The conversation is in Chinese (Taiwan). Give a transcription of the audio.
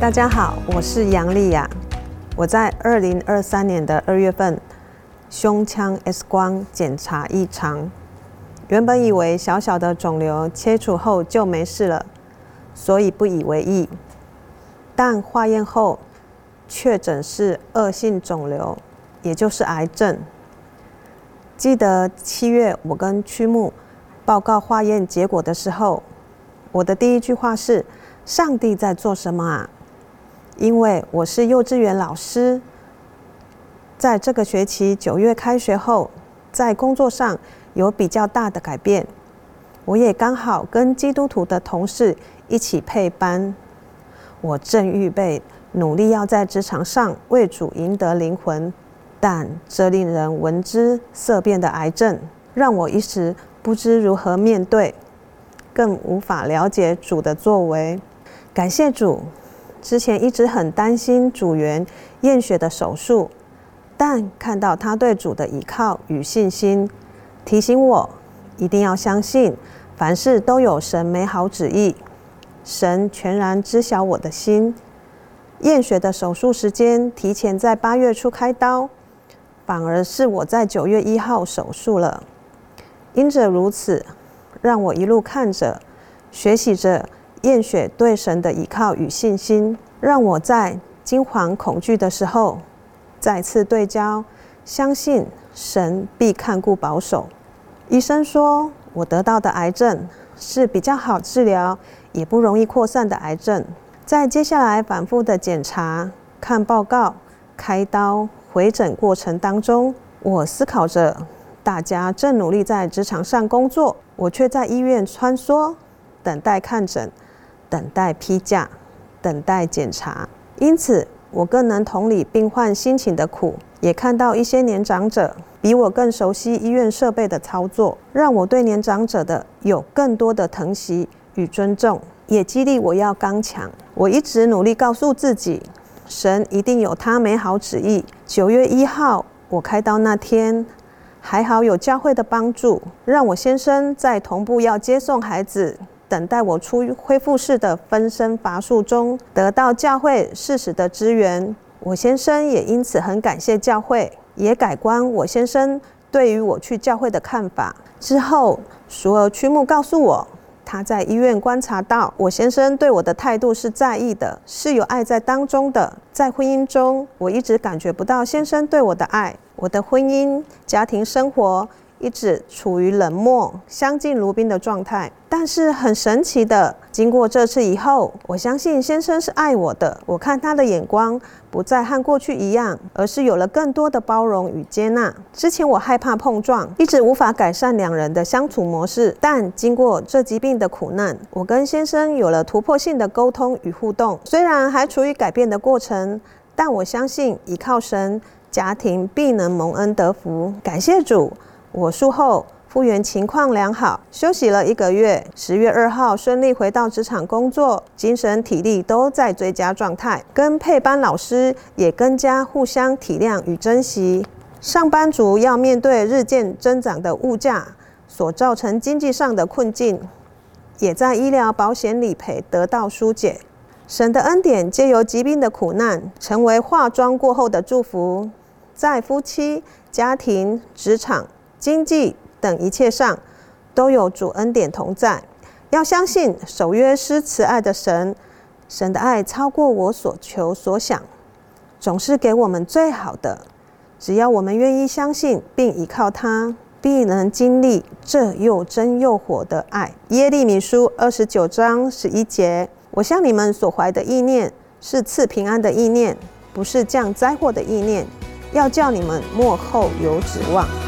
大家好，我是楊麗雅。我在二零二三年的二月份，胸腔 X 光檢查異常，原本以為小小的腫瘤切除後就沒事了，所以不以為意。但化驗後確診是惡性腫瘤，也就是癌症。記得七月我跟曲木報告化驗結果的時候，我的第一句話是：“上帝在做什麼啊？”因為我是幼稚園老師，在這個學期九月開學後，在工作上有比較大的改變。我也剛好跟基督徒的同事一起配班。我正預備努力要在職場上為主贏得靈魂，但這令人聞之色變的癌症，讓我一時不知如何面對，更無法了解主的作為。感謝主。之前一直很擔心組員彥雪的手術，但看到他對主的依靠與信心，提醒我一定要相信，凡事都有神美好旨意，神全然知曉我的心。彥雪的手術時間提前在八月初開刀，反而是我在九月一號手術了。因着如此，讓我一路看着，學習着。驗血對神的依靠與信心，讓我在驚惶恐懼的時候再次對焦，相信神必看顧保守。醫生說我得到的癌症是比較好治療，也不容易擴散的癌症。在接下來反復的檢查、看報告、開刀、回診過程當中，我思考着：大家正努力在職場上工作，我卻在醫院穿梭等待看診。等待批價，等待檢查，因此我更能同理病患心情的苦，也看到一些年長者比我更熟悉醫院設備的操作，讓我對年長者的有更多的疼惜與尊重，也激勵我要剛強。我一直努力告訴自己，神一定有他美好旨意。九月一號我開刀那天，還好有教會的幫助，讓我先生在同步要接送孩子。等待我出恢復式的分身乏術中，得到教會適時的支援，我先生也因此很感謝教會，也改觀我先生對於我去教會的看法。之後，所有屈牧告訴我，他在醫院觀察到我先生對我的態度是在意的，是有愛在當中的。在婚姻中，我一直感覺不到先生對我的愛，我的婚姻家庭生活。一直處於冷漠、相敬如賓的狀態，但是很神奇的，經過這次以後，我相信先生是愛我的。我看他的眼光不再和過去一樣，而是有了更多的包容與接納。之前我害怕碰撞，一直無法改善兩人的相處模式。但經過這疾病的苦難，我跟先生有了突破性的溝通與互動。雖然還處於改變的過程，但我相信依靠神，家庭必能蒙恩得福。感謝主。我術後復原情況良好，休息了一個月，十月二號順利回到職場工作，精神體力都在最佳狀態，跟配班老師也更加互相體諒與珍惜。上班族要面對日漸增長的物價所造成經濟上的困境，也在醫療保險理賠得到疏解。神的恩典借由疾病的苦難，成為化妝過後的祝福，在夫妻、家庭、職場。經濟等一切上，都有主恩典同在。要相信守約施慈愛的神，神的愛超過我所求所想，總是給我們最好的。只要我們願意相信並依靠他，必能經歷這又真又火的愛。耶利米書二十九章十一節：我向你們所懷的意念是賜平安的意念，不是降災禍的意念，要叫你們末後有指望。